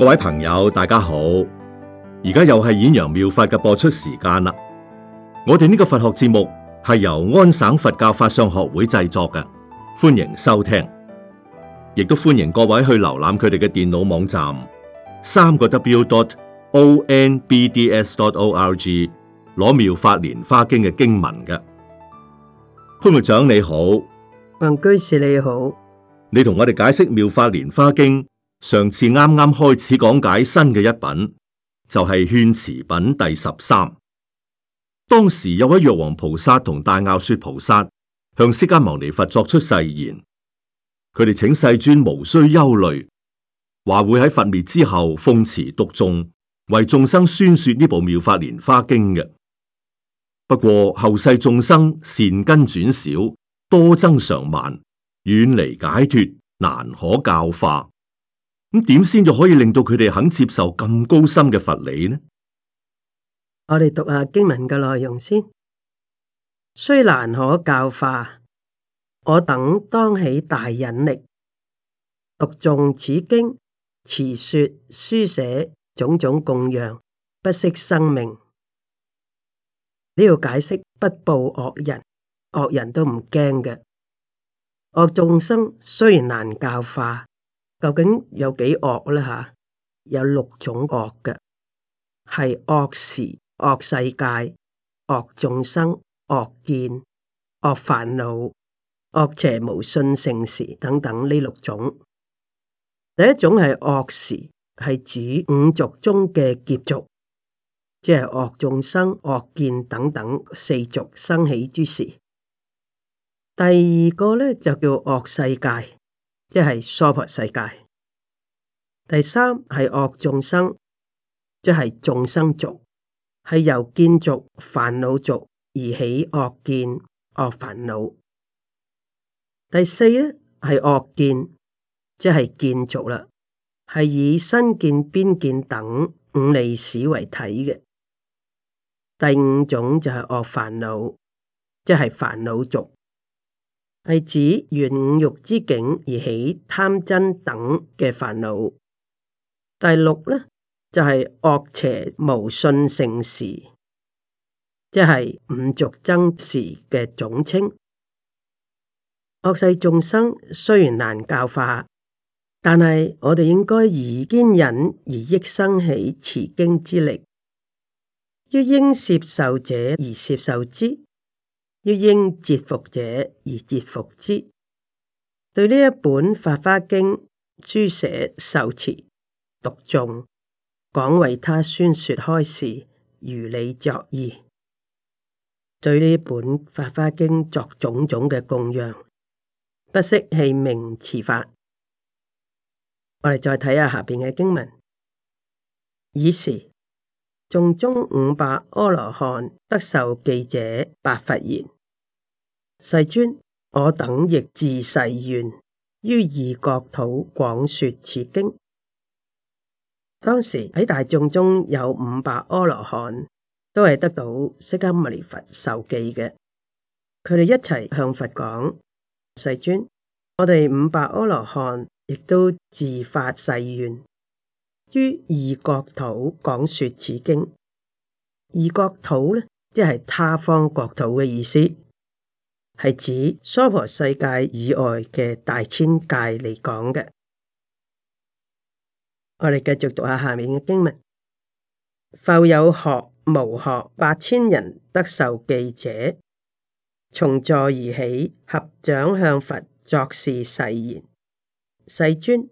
各位朋友，大家好！而家又係顯揚演揚妙法嘅播出時間啦。我哋呢個佛學節目係由安省佛教法相學會製作嘅，歡迎收聽，亦都歡迎各位去瀏覽佢哋嘅電腦網站，三個 W dot O N B D S dot O R G 攞妙法蓮花經嘅經文嘅。潘會長你好，文居士你好，你同我哋解釋妙法蓮花經。上次啱啱開始講解新嘅一品，就係、是、勸持品第十三。當時有位藥王菩薩同大樂說菩薩向釋迦牟尼佛作出誓言，佢哋請世尊無需憂慮，話會喺佛滅之後奉持讀誦，為眾生宣說呢部妙法蓮華經嘅。不過後世眾生善根轉少，多增上慢，遠離解脫，難可教化。咁點先就可以令到佢哋肯接受咁高深嘅佛理呢？我哋讀下經文嘅內容先，雖難可教化，我等當起大忍力，讀誦此經，持說書寫種種供養，不惜生命。呢個解釋不報惡人，惡人都唔驚嘅，惡眾生雖然難教化。究竟有幾惡咧吓？有六種惡嘅，係惡時、惡世界、惡眾生、惡見、惡煩惱、惡邪無信盛時等等呢六種。第一種係惡時，係指五族中嘅劫族，即係惡眾生、惡見等等四族生起之時。第二個咧就叫惡世界。即係娑婆世界，第三係惡眾生，即係眾生族，係由見族、煩惱族而起惡見、惡煩惱。第四咧係惡見，即係見族啦，係以身見、邊見等五利使為體嘅。第五種就係惡煩惱，即係煩惱族。係指緣五欲之境而起貪嗔等嘅煩惱。第六呢，就係惡邪無信盛時，即係五濁增時嘅總稱。惡世眾生雖然難教化，但係我哋應該以堅忍而益生起持經之力，要應攝受者而攝受之。要應折伏者而折伏之，對呢一本《法華經》書寫受持讀誦，講為他宣說開示，如理作意，對呢本《法華經》作種種嘅供養，不惜器名持法。我哋再睇下下邊嘅經文，意思。眾中五百阿羅漢得受記者，白佛言：世尊，我等亦自誓願，於異國土廣說此經。當時喺大眾中有五百阿羅漢，都係得到釋迦牟尼佛受記嘅，佢哋一齊向佛講：世尊，我哋五百阿羅漢亦都自發誓願。於異國土講說此經，異國土咧，即係他方國土嘅意思，係指娑婆世界以外嘅大千界嚟講嘅。我哋繼續讀下下面嘅經文：復有學無學八千人得受記者，從座而起，合掌向佛作是誓言：世尊。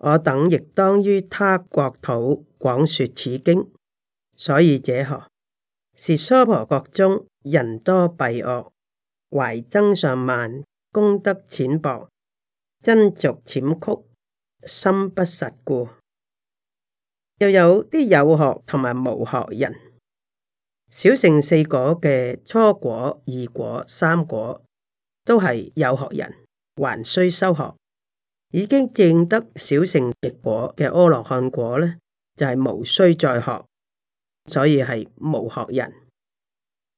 我等亦當於他國土廣說此經，所以者何？是娑婆國中人多弊惡，懷增上慢，功德淺薄，瞋濁諂曲，心不實故。又有啲有學同埋無學人，小乘四果嘅初果、二果、三果，都係有學人，還需修學。已經證得小乘極果嘅阿羅漢果咧，就係、是、無需再學，所以係無學人。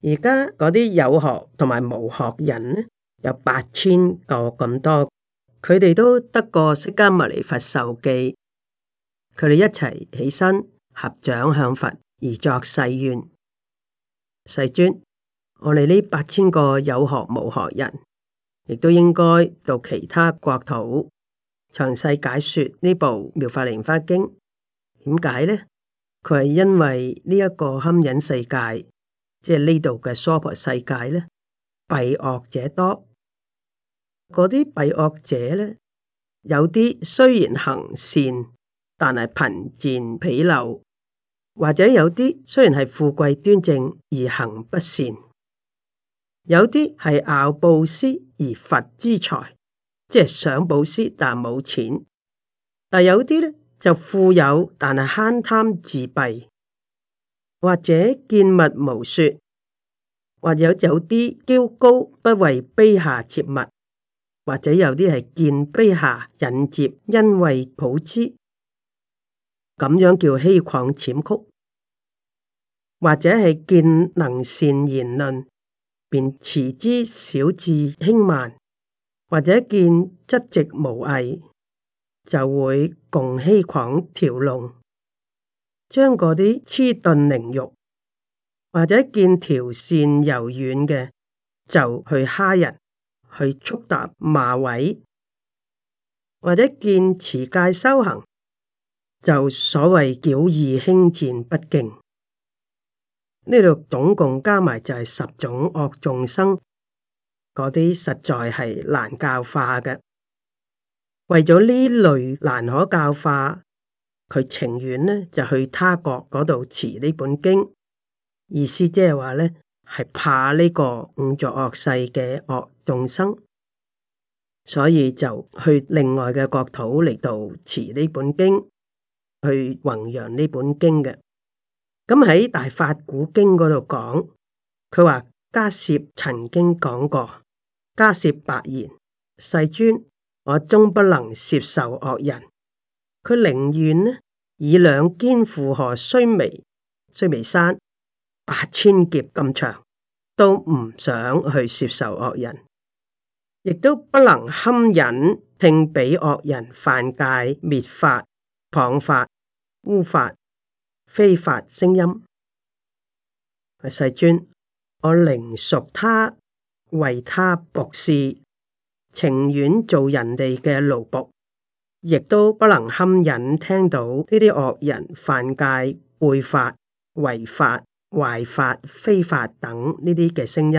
而家嗰啲有學同埋無學人咧，有八千個咁多，佢哋都得過釋迦牟尼佛受記，佢哋一齊起，起身合掌向佛而作誓願。世尊，我哋呢八千個有學無學人，亦都應該到其他國土。詳細解說呢部《妙法蓮華經》，點解呢？佢係因為呢一個堪忍世界，即係呢度嘅娑婆世界呢，弊惡者多。嗰啲弊惡者呢，有啲雖然行善，但係貧賤鄙陋；或者有啲雖然係富貴端正，而行不善。有啲係拗布施而乏資財。即係想布施但冇錢，但有啲咧，就富有但係慳貪自閉，或者見物無說，或者有啲驕高不為卑下接物，或者有啲係見卑下引接，因為普知，咁樣叫欺誑諂曲，或者係見能善言論便持之小智輕慢。或者見質直無藝，就會共欺誑調弄；將嗰啲黐鈍凌辱，或者見條線柔軟嘅，就去蝦人，去觸達馬位；或者見持戒修行，就所謂矯意輕賤不敬。呢度總共加埋就係十種惡眾生。嗰啲實在係難教化嘅，為咗呢類難可教化，佢情願呢就去他國嗰度持呢本經，意思即係話呢係怕呢個五濁惡世嘅惡眾生，所以就去另外嘅國土嚟度持呢本經，去弘揚呢本經嘅。咁喺《大法鼓經》嗰度講，佢話。迦葉曾經講過，迦葉白言世尊，我終不能攝受惡人。佢寧願呢以兩肩負荷，須彌須彌山八千劫咁長，都唔想去攝受惡人，亦都不能堪忍聽俾惡人犯戒滅法、謗法、污法、非法聲音。係世尊。我寧屬他，為他博士，情願做人哋嘅奴僕，亦都不能堪忍聽到呢啲惡人犯戒、背法、違法、壞法、非法等呢啲嘅聲音。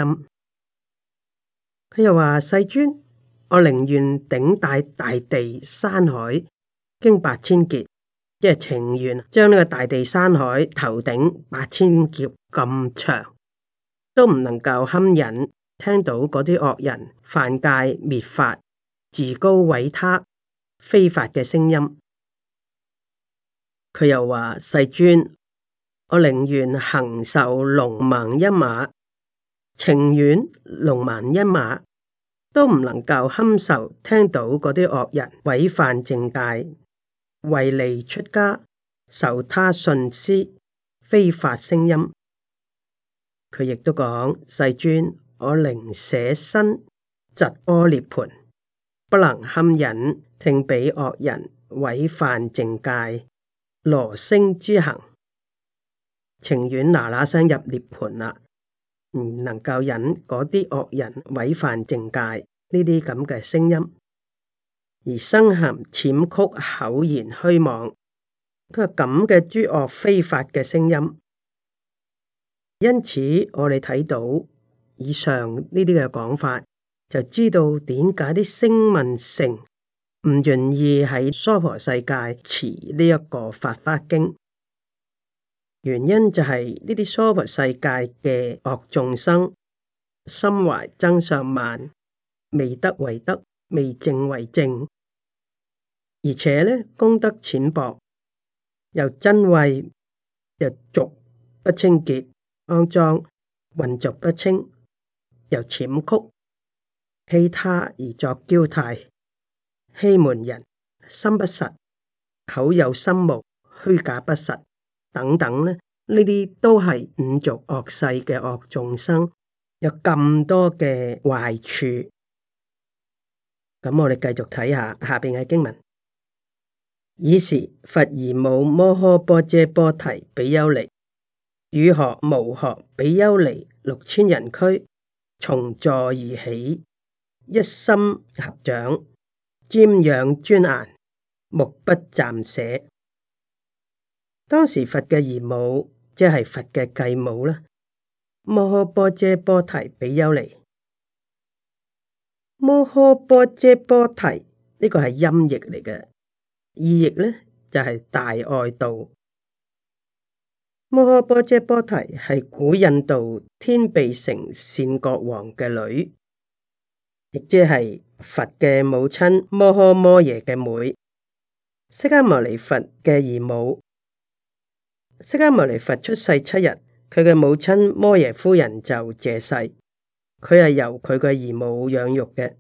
佢又話：世尊，我寧願頂戴大，大地，大地山海經八千劫，即係情願將呢個大地山海頭頂八千劫咁長。都唔能夠堪忍聽到嗰啲惡人犯戒、滅法、自高毀他、非法嘅聲音。佢又話：世尊，我寧願行受龍盲一馬，情願龍盲一馬，都唔能夠堪受聽到嗰啲惡人毀犯正戒、為利出家、受他信施、非法聲音。佢亦都講，世尊，我寧捨身疾波涅盤，不能堪忍聽比惡人違犯淨戒，羅聲之行，情願嗱嗱聲入涅盤啦，唔能夠忍嗰啲惡人違犯淨戒呢啲咁嘅聲音，而生含淺曲口言虛妄，佢話咁嘅諸惡非法嘅聲音。因此，我哋睇到以上呢啲嘅講法，就知道點解啲聲聞乘唔願意喺娑婆世界持呢一個法華經。原因就係呢啲娑婆世界嘅惡眾生心懷增上慢，未得為得，未證為證。而且咧，功德淺薄，又瞋恚又濁，不清潔。骯髒、混濁不清，又淺曲，欺他而作嬌態，欺門人，心不實，口有心無，虛假不實，等等咧，呢啲都係五族惡世嘅惡眾生，有咁多嘅壞處。咁我哋繼續睇下下邊嘅經文。爾時，佛姨母摩訶波遮波提比丘尼。與學無學，比丘尼六千人俱，從座而起，一心合掌，瞻仰尊顏，目不暫捨。當時佛嘅姨母，即係佛嘅繼母啦，摩訶波遮波提比丘尼，摩訶波遮波提呢個係音譯嚟嘅，意譯呢，就係大愛道。摩訶波遮波提係古印度天臂城善國王嘅女，亦即係佛嘅母親摩訶摩耶嘅妹，釋迦牟尼佛嘅姨母。釋迦牟尼佛出世七日，佢嘅母親摩耶夫人就謝世，佢係由佢嘅姨母養育嘅。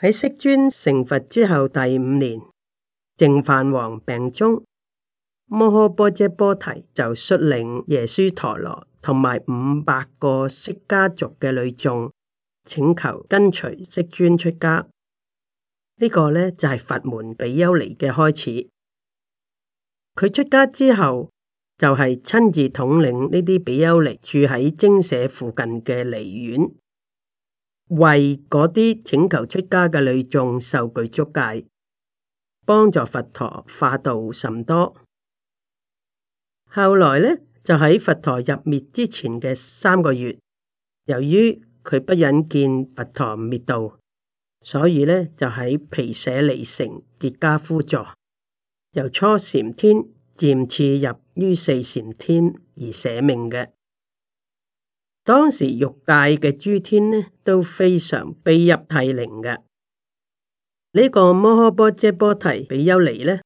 喺釋尊成佛之後第五年，淨飯王病中。摩訶波闍波提就率領耶輸陀羅同埋五百個釋迦族嘅女眾，請求跟隨釋尊出家。呢、這個呢，就係、是、佛門比丘尼嘅開始。佢出家之後，就係、是、親自統領呢啲比丘尼，住喺精舍附近嘅尼院，為嗰啲請求出家嘅女眾受具足戒，幫助佛陀化導甚多。後來咧就喺佛陀入滅之前嘅三個月，由於佢不忍見佛陀滅度，所以咧就喺皮舍離城結跏趺坐，由初禪天漸次入於四禪天而捨命嘅。當時欲界嘅諸天呢都非常悲泣涕零嘅。呢、呢個摩訶波遮波提比丘尼呢，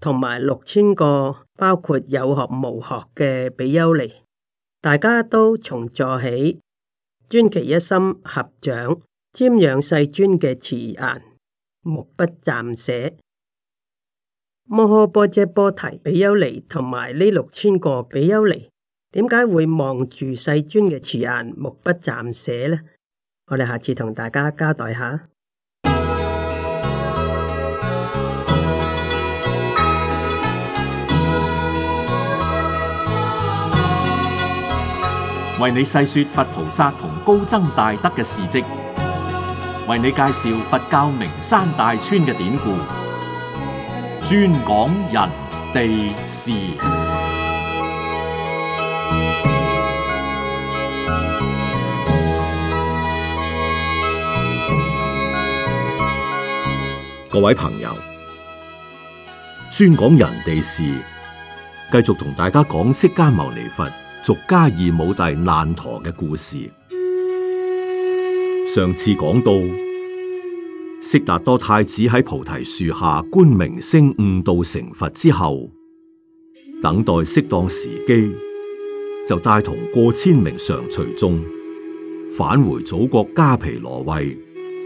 同埋六千個。包括有學無學嘅比丘尼，大家都從座起，專其一心合掌，瞻仰世尊嘅慈眼，目不暫捨。摩訶波闍波提比丘尼同埋呢六千個比丘尼，點解會望住世尊嘅慈眼，目不暫捨呢？我哋下次同大家交代下。為你細說佛菩薩同高僧大德嘅事跡，為你介紹佛教名山大川嘅典故，專講人地事。各位朋友，專講人地事，繼續同大家講釋迦牟尼佛。《俗家異母弟難陀》嘅故事，上次講到悉達多太子喺菩提樹下觀明星悟道成佛之後，等待適當時機，就帶同過千名常隨眾返回祖國迦毗羅衛，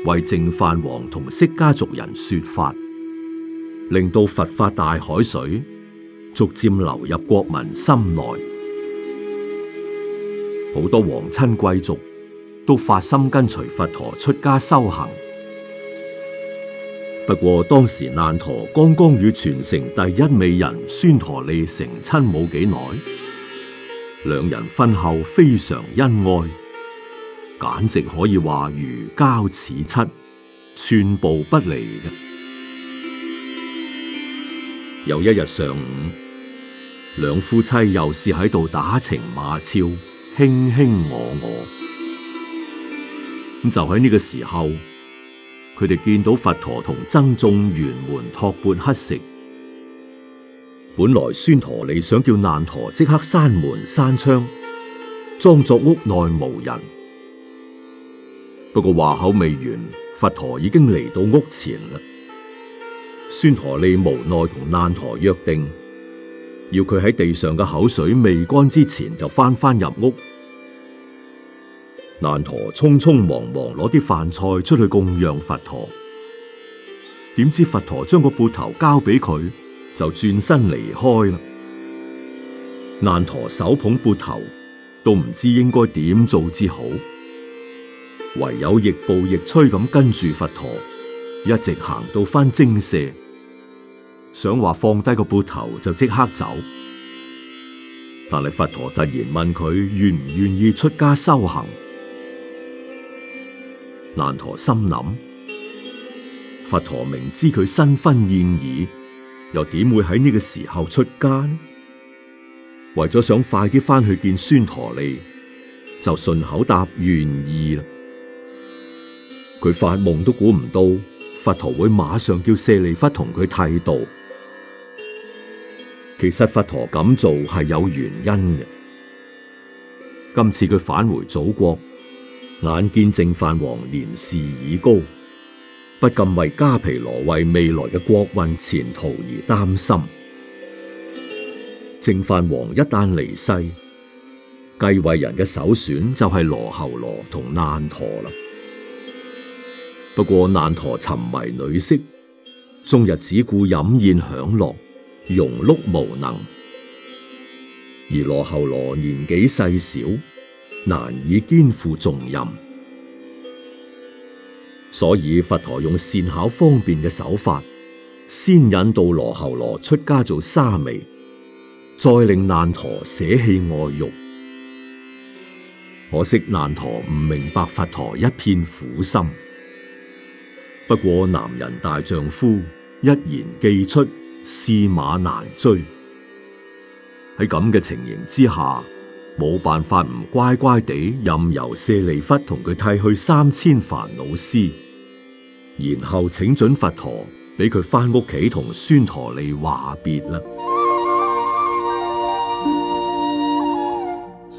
為淨飯王同釋迦族人說法，令到佛法大海水逐漸流入國民心內。好多皇親貴族都發心跟隨佛陀出家修行。不過當時難陀剛剛與全城第一美人孫陀利成親冇幾耐，兩人婚後非常恩愛，簡直可以話如膠似漆,漆，寸步不離。有一日上午，兩夫妻又試喺度打情罵俏。卿卿我我，咁就喺呢個時候，佢哋見到佛陀同僧眾沿門托缽乞食。本來孫陀利想叫難陀即刻閂門閂窗，裝作屋內無人。不過話口未完，佛陀已經嚟到屋前啦。孫陀利無奈同難陀約定。要佢喺地上嘅口水未乾之前就翻返入屋。難陀匆匆忙忙攞啲飯菜出去供養佛陀，點知佛陀將個缽頭交俾佢，就轉身離開啦。難陀手捧缽頭，都唔知應該點做至好，唯有亦步亦趨咁跟住佛陀，一直行到翻精舍。想話放低個缽頭就即刻走，但係佛陀突然問佢願唔願意出家修行，難陀心諗，佛陀明知佢新婚燕爾，又點會喺呢個時候出家呢？為咗想快啲翻去見孫陀利，就順口答願意啦。佢發夢都估唔到，佛陀會馬上叫舍利弗同佢剃度。其實佛陀咁做係有原因嘅。今次佢返回祖國，眼見淨飯王年事已高，不禁為迦毗羅為未來嘅國運前途而擔心。淨飯王一旦離世，繼位人嘅首選就係羅睺羅同難陀啦。不過難陀沉迷女色，終日只顧飲宴享樂。容碌無能，而羅喉羅年紀細小，難以肩負重任，所以佛陀用善巧方便嘅手法，先引導羅喉羅出家做沙彌，再令難陀捨棄愛欲。可惜難陀唔明白佛陀一片苦心，不過男人大丈夫一言既出。駟馬難追，喺咁嘅情形之下，冇辦法唔乖乖地任由舍利弗同佢剃去三千煩惱絲，然後請准佛陀俾佢翻屋企同孫陀利話別啦。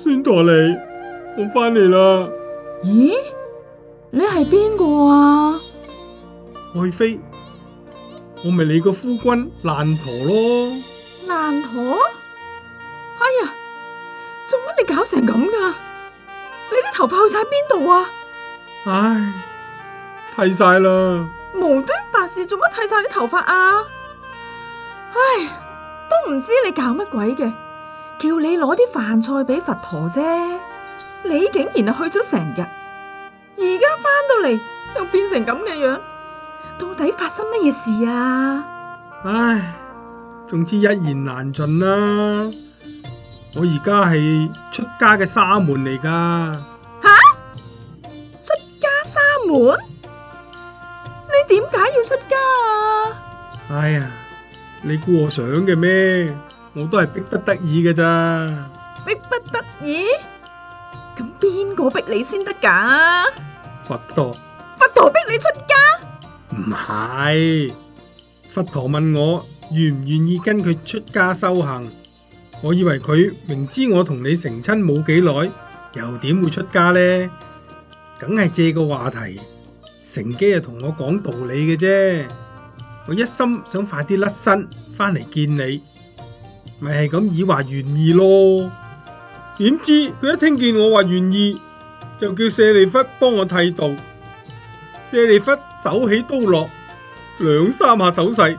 孫陀利，我翻嚟啦。咦？你係邊個啊？愛妃。我咪你個夫君難陀咯，難陀，哎呀，做乜你搞成咁㗎？你啲頭髮去晒邊度啊？唉、哎，剃晒啦！無端白事，做乜剃晒啲頭髮啊？唉、哎，都唔知你搞乜鬼嘅，叫你攞啲飯菜畀佛陀啫，你竟然去咗成日，而家返到嚟又變成咁嘅樣，樣。到底發生乜嘢事啊？唉、哎，總之一言難盡啦、啊。我而家係出家嘅沙門嚟噶。吓、啊，出家沙門？你點解要出家啊？哎呀，你估我想嘅咩？我都係逼不得已噶咋。逼不得已？咁邊個逼你先得噶？佛陀，佛陀逼你出家？唔係，佛陀問我願唔願意跟佢出家修行，我以為佢明知我同你成親冇幾耐，又點會出家呢？梗係借個話題，乘機啊同我講道理嘅啫。我一心想快啲甩身翻嚟見你，咪係咁以話願意咯。點知佢一聽見我話願意，就叫舍利弗幫我剃度。舍利弗手起刀落，兩三下手勢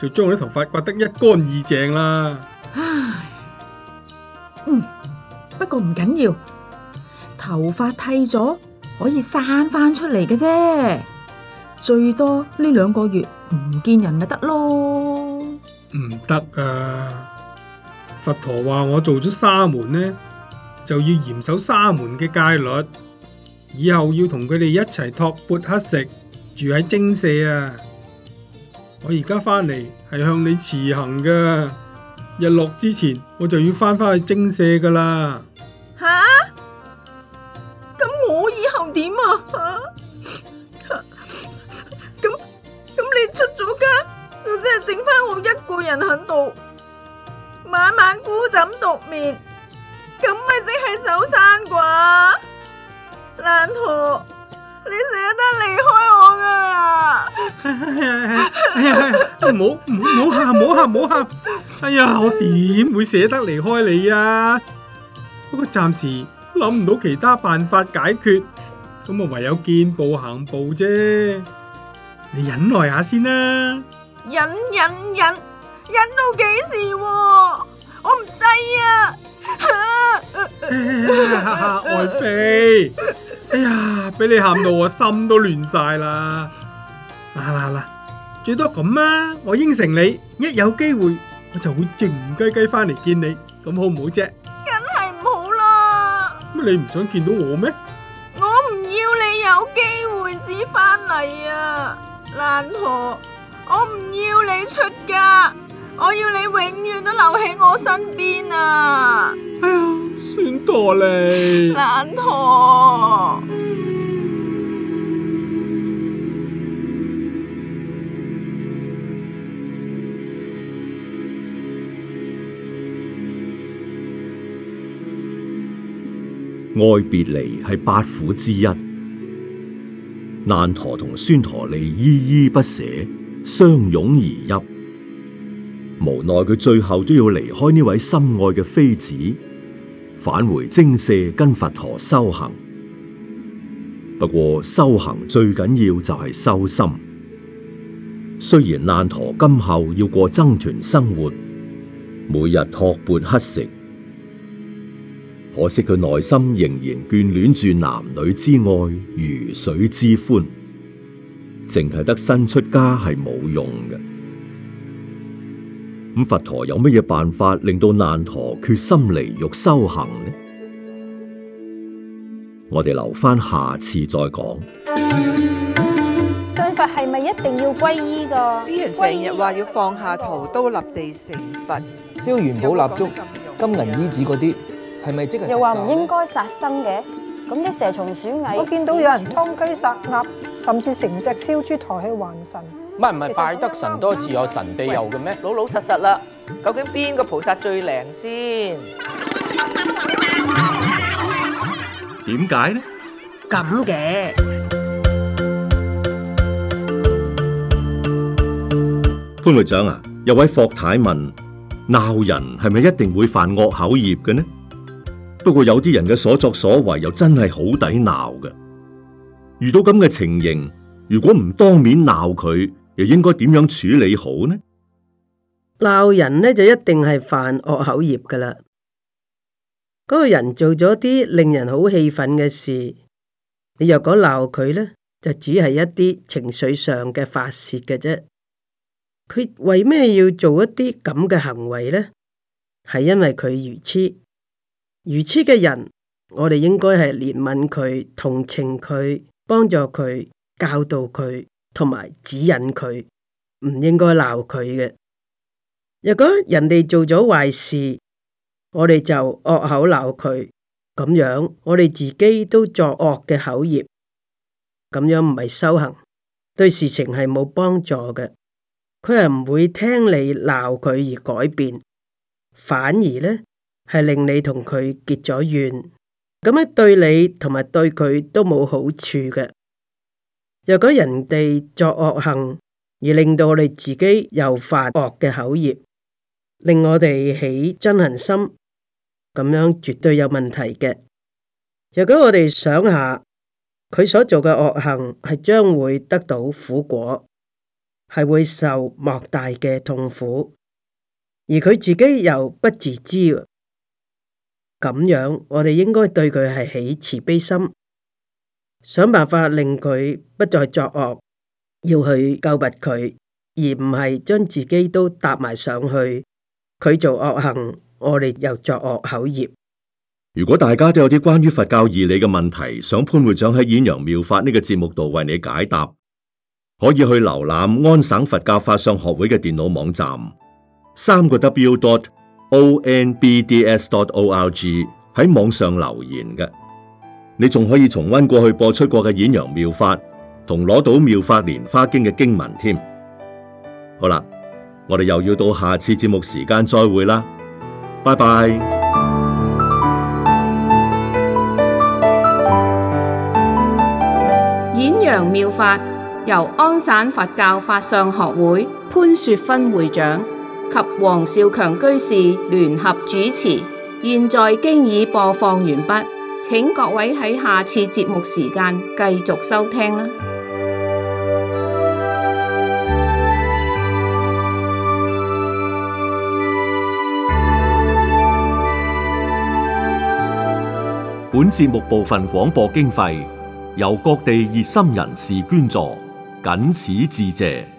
就將我啲頭髮刮得一乾二淨啦。唉，嗯，不過唔緊要，頭髮剃咗可以生翻出嚟嘅啫，最多呢兩個月唔見人咪得咯。唔得啊！佛陀話我做咗沙門呢，就要嚴守沙門嘅戒律。以後要同佢哋一齊托鉢乞食，住喺精舍啊！我而家翻嚟係向你辭行嘅，日落之前我就要翻翻去精舍噶啦。吓，咁我以後點啊？咁咁你出咗家，我即係剩翻我一個人喺度，晚晚孤枕獨眠，咁咪即係守生。難陀，你捨得離開我㗎啦？哎呀哎呀哎呀哎呀哎呀，唔好唔好喊，唔好喊唔好喊，唔好喊！哎呀，我點會捨得離開你啊？不過暫時諗唔到其他辦法解決，咁啊唯有見步行步啫。你忍耐下先啦、啊，忍忍忍忍到幾時、啊？我唔制啊！哎呀，愛妃，哎呀，俾你喊到我心都亂晒啦！啦啦啦，最多咁啦，我應承你，一有機會我就會靜雞雞翻嚟見你，咁好唔好啫？梗係唔好啦！乜你唔想見到我咩？我唔要你有機會至翻嚟啊，爛婆，我唔要你出嫁，我要你永遠都留喺我身邊啊！哎呀～孫陀利，難陀，愛別離係八苦之一。難陀同孫陀利依依不捨，相擁而泣，無奈佢最後都要離開呢位心愛嘅妃子。返回精舍跟佛陀修行，不過修行最緊要就係修心。雖然難陀今後要過僧團生活，每日托缽乞食，可惜佢內心仍然眷戀住男女之愛、魚水之歡，淨係得身出家係冇用嘅。咁佛陀有乜嘢辦法令到難陀決心離欲修行呢？我哋留翻下，下次再講。信佛係咪一定要皈依噶？啲人成日話要放下屠刀立地成佛，燒元寶蠟燭、金銀衣紙嗰啲，係咪即係？又話唔應該殺生嘅，咁啲蛇蟲鼠蟻，我見到有人劏雞殺鴨，甚至成隻燒豬抬去還神。唔係唔係，拜得神多自有神庇佑嘅咩？老老實實啦，究竟邊個菩薩最靈先？點解呢？咁嘅潘會長啊，有位霍太問，鬧人係咪一定會犯惡口業嘅呢？不過有啲人嘅所作所為又真係好抵鬧㗎。遇到咁嘅情形，如果唔當面鬧佢。又應該點樣處理好呢？鬧人呢，就一定係犯惡口業噶啦。嗰個人做咗啲令人好氣憤嘅事，你若果鬧佢呢，就只係一啲情緒上嘅發洩嘅啫。佢為咩要做一啲咁嘅行為呢？係因為佢愚癡。愚癡嘅人，我哋應該係憐憫佢、同情佢、幫助佢、教導佢。同埋指引佢，唔應該鬧佢嘅。若果人哋做咗壞事，我哋就惡口鬧佢，咁樣我哋自己都作惡嘅口業，咁樣唔係修行，對事情係冇幫助嘅。佢係唔會聽你鬧佢而改變，反而呢係令你同佢結咗怨，咁樣對你同埋對佢都冇好處嘅。若果人哋作惡行，而令到我哋自己又犯惡嘅口業，令我哋起憎恨心，咁樣絕對有問題嘅。若果我哋想下，佢所做嘅惡行係將會得到苦果，係會受莫大嘅痛苦，而佢自己又不自知，咁樣我哋應該對佢係起慈悲心。想辦法令佢不再作惡，要去救拔佢，而唔係將自己都搭埋上去。佢做惡行，我哋又作惡口業。如果大家都有啲關於佛教義理嘅問題，想潘會長喺《演揚妙法》呢個節目度為你解答，可以去瀏覽安省佛教法相學會嘅電腦網站，三個 w dot o n b d s dot o r g 喺網上留言嘅。你仲可以重溫過去播出過嘅演揚妙法，同攞到妙法蓮華經嘅經文添。好啦，我哋又要到下次節目時間，再會啦，拜拜。演揚妙法由安省佛教法相學會潘雪芬會長及黃少強居士聯合主持，現在經已播放完畢。請各位喺下次節目時間繼續收聽啦。本節目部分廣播經費由各地熱心人士捐助，謹此致謝。